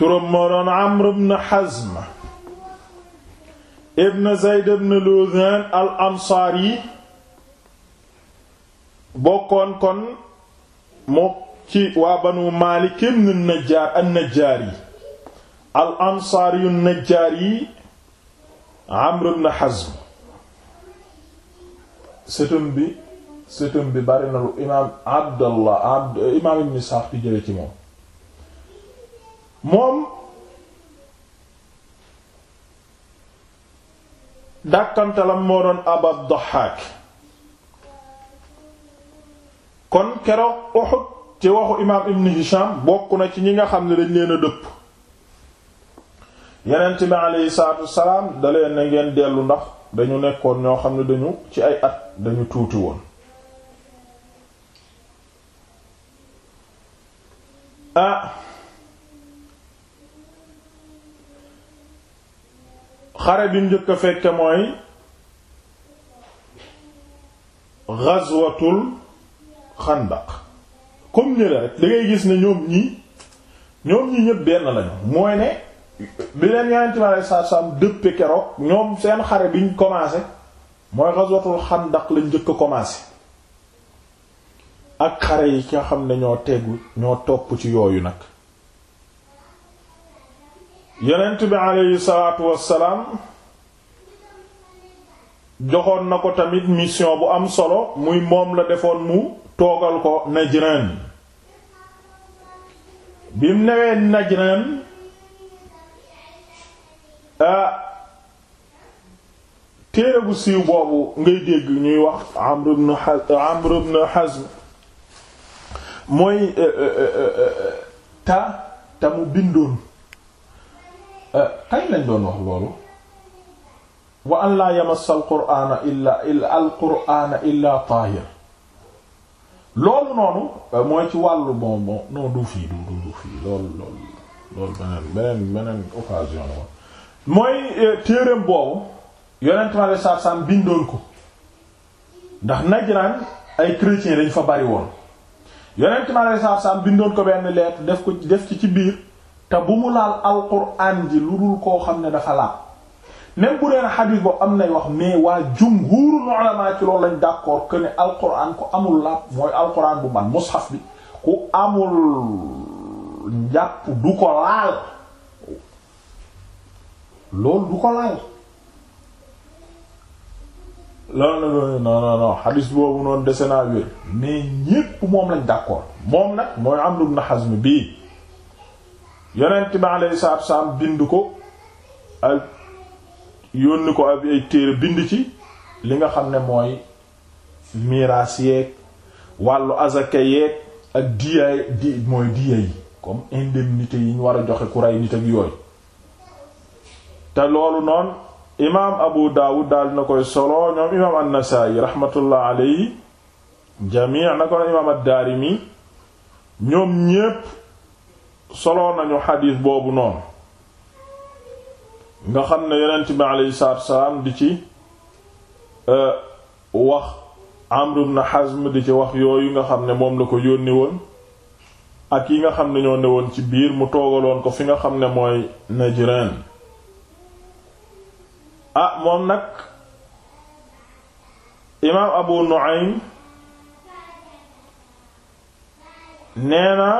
turam moo doon Amr ibn Hazm ibn Zayd ibn Luzan al Ansaari bokkoon kon moo ci waa Banu Maalik ibn Najjaar an-Najjaari al Ansaari an-Najjaari Amr ibn Hazm sëtëm bi sëtëm bi bari na lu imaam Abdallah imaam Ibn Sa'd jële ci moom moom dàkkantalam moo doon abab daxaak kon keroog Uhud ci waxu imaam ibn Hisham bokk na ci ñi nga xam ne dañ leen a dëpp yonent bi aleyhi salaatu wasalaam da leen na ngeen dellu ndax dañu nekkoon ñoo xam ne dañu ci ay at dañu tuuti woon ah. xare bi njëkk a fekke mooy ghazwatul xandaq comme ni la rek da ngay gis ne ñoom ñii ñoom ñii ñëpp benn lañu mooy ne bi leen yonent bi alayhi salaatu salaam dëppe keroog ñoom seen xare biñ commencé mooy ghazwatul xandaq lañ jëkk a commencé ak xare yi nga xam ne ñoo tegu ñoo topp ci yooyu nag yonent bi aleyhi salaatu wassalaam joxoon na ko tamit mission bu am solo muy moom la defoon mu toogal ko Najran bi mu newee Najran téere bu siiw boobu ngay dégg ñuy wax Amr ibn Hazm mooy e, e, e, ta ta mu bindoon Euh, kañ lañ doon wax loolu wa an laa yamassa al qur'ana illa illa al qur'ana illa tahir loolu noonu euh, mooy ci wàllu bon bon non du fii du du du fii loolu loolu loolu beneen beneen beneen occasion la mooy euh, téereem boobu yonent ma le sarsam bindoon ko ndax Najran ay chrétiens dañ fa bari woon yonent ma le sarsam bindoon ko benn lettre def ko def ci ci biir te bu mu laal alquran ji lu dul koo xam ne dafa laal même bu deen xadiis boobu am nay wax mais waa jumhuurul ulama ci loolu lañ d'accord que ne alquran ku amul laab mooy alquran bu man mushaf bi ku amul njàpp du ko laal loolu du ko laal loolu nag non non xadiis boobu noonu dese naa wér mais ñépp moom lañ d'accord moom nag mooy Amr ibn Hazm bii yonent bi alayhi salaatu salaam bind ko ak yónni ko ak ay téere bind ci li nga xam ne mooy miraas yeeg wàllu azaka yeeg ak diyaay di mooy diya yi comme indemnité yi ñu war a joxe ku nit ak yooyu te loolu noonu imaam Abu Dawud daal na koy solo ñoom imaam an-Nasaa'i rahmatullah alayhi jamii na ko imaam ad-Daarimi ñoom ñépp solo nañu xadiis boobu noonu nga xam ne yonent bi aleyhi salaatu salaam di ci euh, wax Amr ibn Hazm di ci wax yooyu nga xam ne moom la ko yónni woon ak yi nga xam ne ñoo ne woon ci biir mu toogaloon ko fi nga xam ne mooy Najran ah moom nag imaam Abu Nu'aym nee na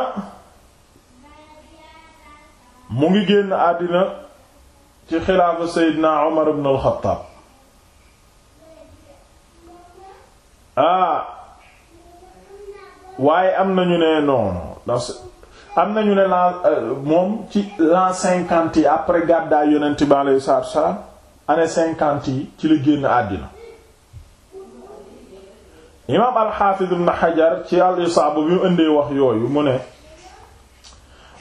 mu ngi génn àddina ci xilaafa seydina Omar ibn al aa ah, waaye am nañu ne noonu ndax am nañu ne la euh, moom ci l'an cinquante yi après gàddaay yonent bi alayhi salaatu wa salaam année cinquante yi ci la génn àddina imaam al-Hafiz ibn ci al-Isaaba bi mu indee wax yooyu mu ne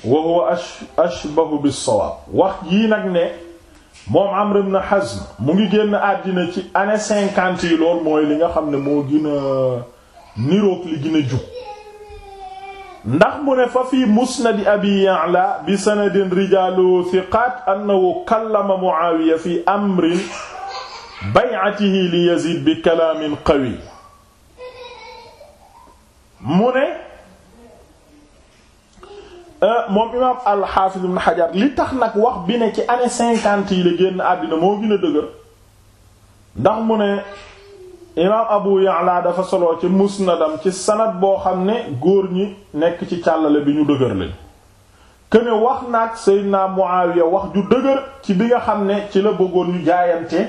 wa huwa ashbahu wax yii nag ne moom Amr ibn Hazm mu ngi génn àddina ci année cinquante yi lool mooy li nga xam ne moo gën a niroog li gën a jug ndax mu ne fa fii musnadi abi Ya'la bi sanadin rijaalu thiqaat annahu kallama Mu'aawiya fi amri bay'atihi li Yaziid bi kalaamin qawi mu ne Euh, moom imaam al-Hafiz ibn Hajar li tax nag wax bi ne ci année cinquante yi la génn àddina moo gën a dëgër ndax mu ne imaam Abu Ya'la dafa solo ci musnadam ci sanad boo xam ne góor ñi nekk ci càllale bi ñu dëgër lañ këne wax naag Seydina Muawiya wax ju dëgër ci bi nga xam ne ci la bëggoon ñu jaayante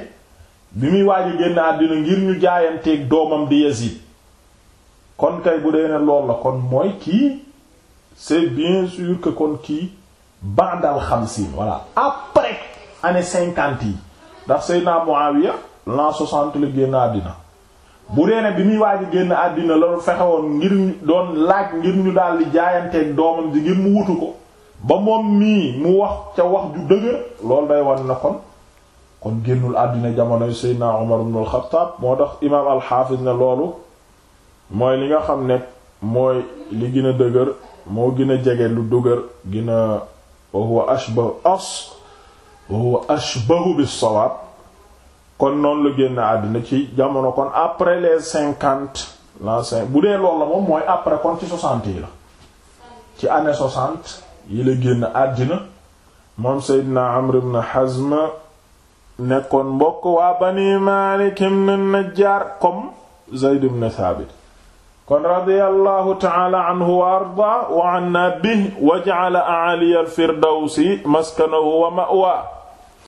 bi muy waaji génn àddina ngir ñu jaayanteeg doomam di Yazid kon kay bu dee ne lool la kon mooy kii c'est bien su que kon kii xam xamsiin voilà après année cinquante yi ndax naa Muawiya l'an soixante la génn àddina bu dee bi muy waaj a génn àddina loolu fexe woon ngir doon laaj ngir ñu daal di jaayanteeg doomam ji ngir mu wutu ko ba moom mii mu wax ca wax ju dëgër loolu day wan na kon kon génnul àddina jamonoy Seydina Umar ibn al moo tax imaam al ne loolu mooy li nga xam ne mooy li gën a dëgër moo gën a jege lu dëgër gën a wa ashbahu as wa huwa ashbahu bis-sawaab kon noonu la génn àddina ci jamono kon après les cinquante l'an cinq bu dee loolu la moom mooy après kon ci soixante yi la ci année soixante yi la génn àddina moom Seydina Amr ibn nekkoon mbokk waa Bani Maalik ibn Najjaar comme Zayd ibn kon radiyallahu taala anhu wa arda wa anna bihi wa ja'ala a'ali al-firdawsi maskanahu wa ma'wa